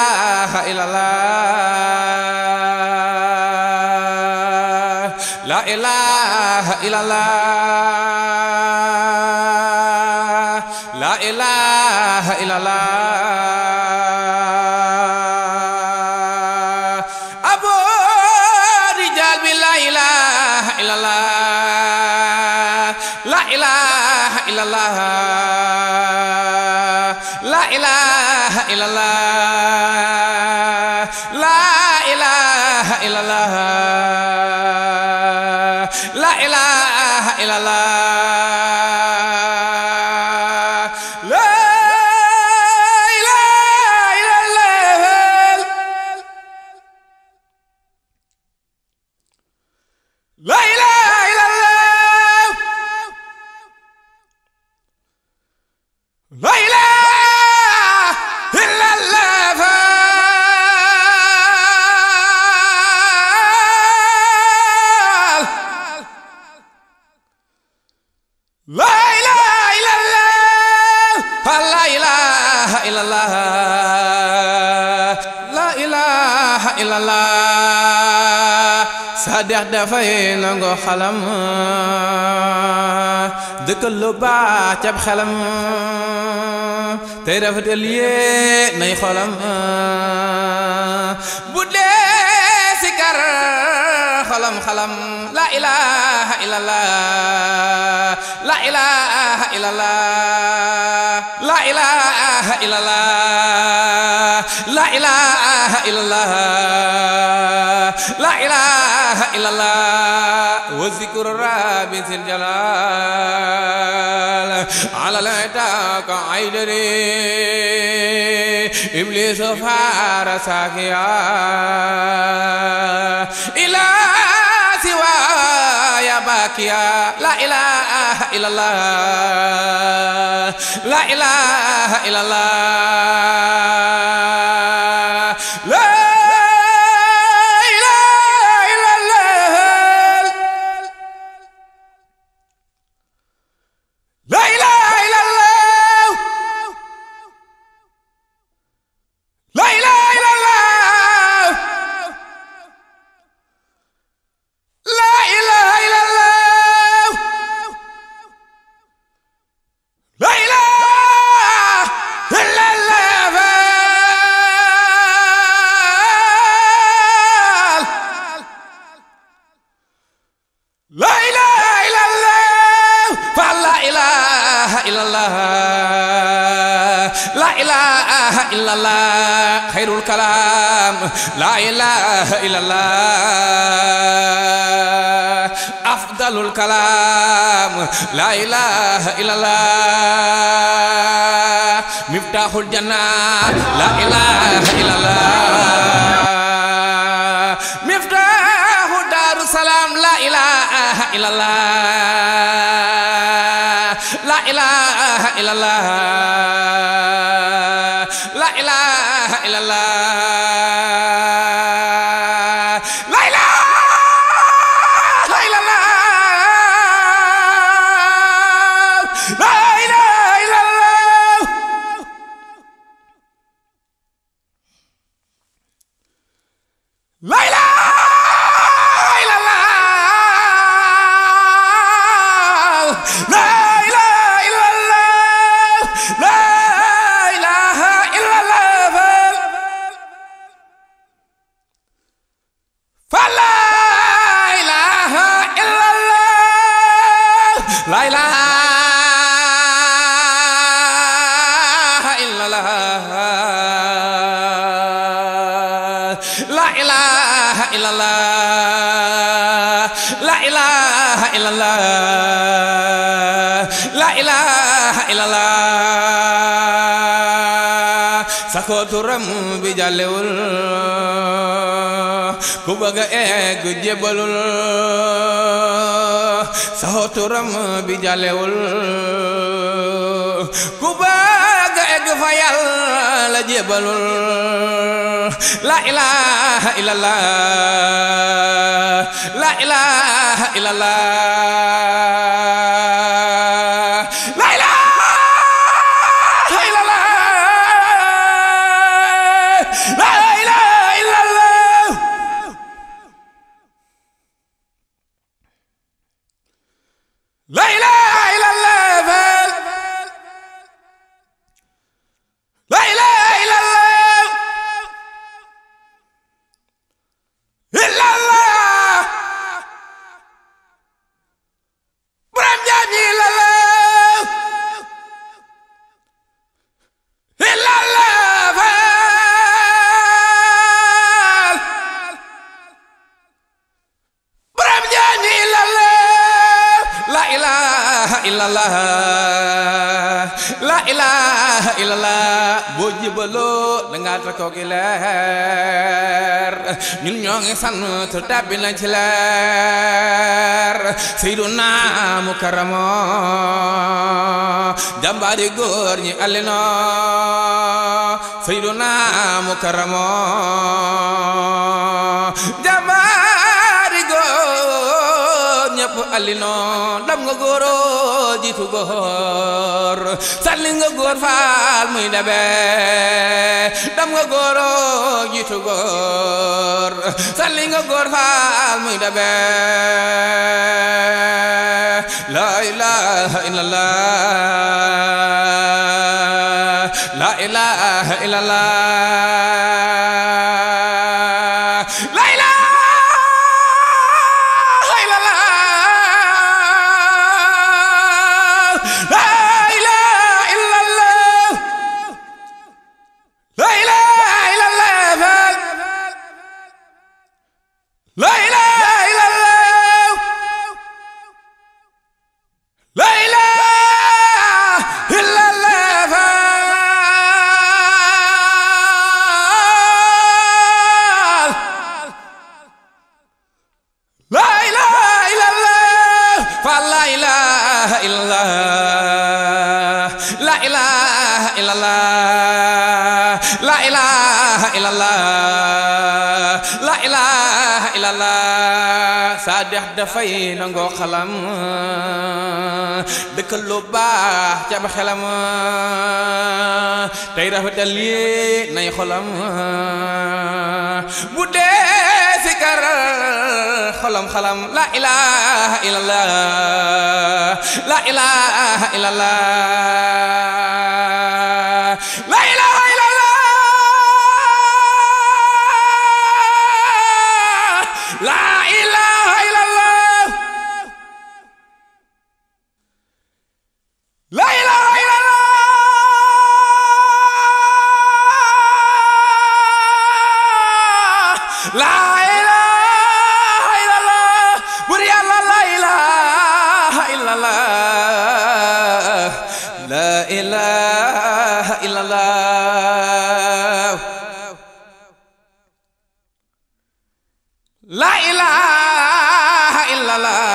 إله إلا الله لا إله إلا الله لا إله إلا الله أبو رجال بلا إله إلا الله لا إله إلا الله لا إله إلا الله dex dafay nango xalam dëkkal lu baax cab xelam tey rafetal yee nay xolam bu dee sikar xolam xalam la ilaha illallah la ilaha illallah la ilaha illallah إلا الله وذكر رابي ذي الجلال على تاك عيدري إبليس فارسك يا سوى يا باكيا لا إله إلا الله لا إله إلا الله الله خير الكلام لا إله إلا الله أفضل الكلام لا إله إلا الله مفتاح الجنة لا إله إلا الله مفتاح دار السلام لا إله إلا الله لا إله إلا الله la ilaha illallah la ilaha illallah sakoo turam bi jàllewul ku bëgg a egg jébbalul sakoo turam bi jàllewul ku bëgg a egg fa la jébalul la ilaha illallah la ilaha illallah ilaha illallah la ilaha illallah boo jibaloo da ngaa leer ñun ñoo ngi sant tàbbi leer sayyiduna mukarramo jàmbaari góor ñi allino sayyiduna mukarramo salli noon dab nga góoroo jiitu góor faal muy dabe dab nga góoroo jiitu la ilaha illallah la ilaha illallah saa dex dafay nangoo xalam dëkk baax ca am xelam tey xolam bu dee sikar xolam xalam la ilaha illallah la لا إله إلا الله وريا لا إله إلا الله لا إله إلا الله لا إله إلا الله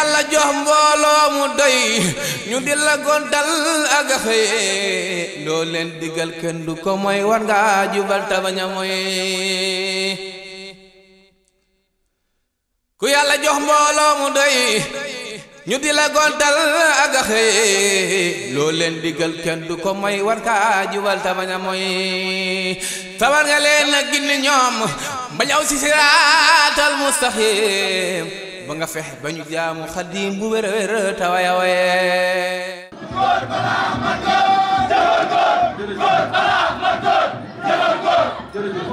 yàlla jox mbooloo mu doy ñu di la gontal ak a ku yàlla jox mbooloo mu doy ñu di la gontal ak a xëy loo leen digal kenn du ko mooy war nga jubal tabaña mooy tawar nga leen a gindi ñoom bañaw si siraatal mustaqim ba nga fexe ba ñu jaamu xaddiim bu wér wér tawaya waye góor balaa ma góor góor góor balaa ma góor góor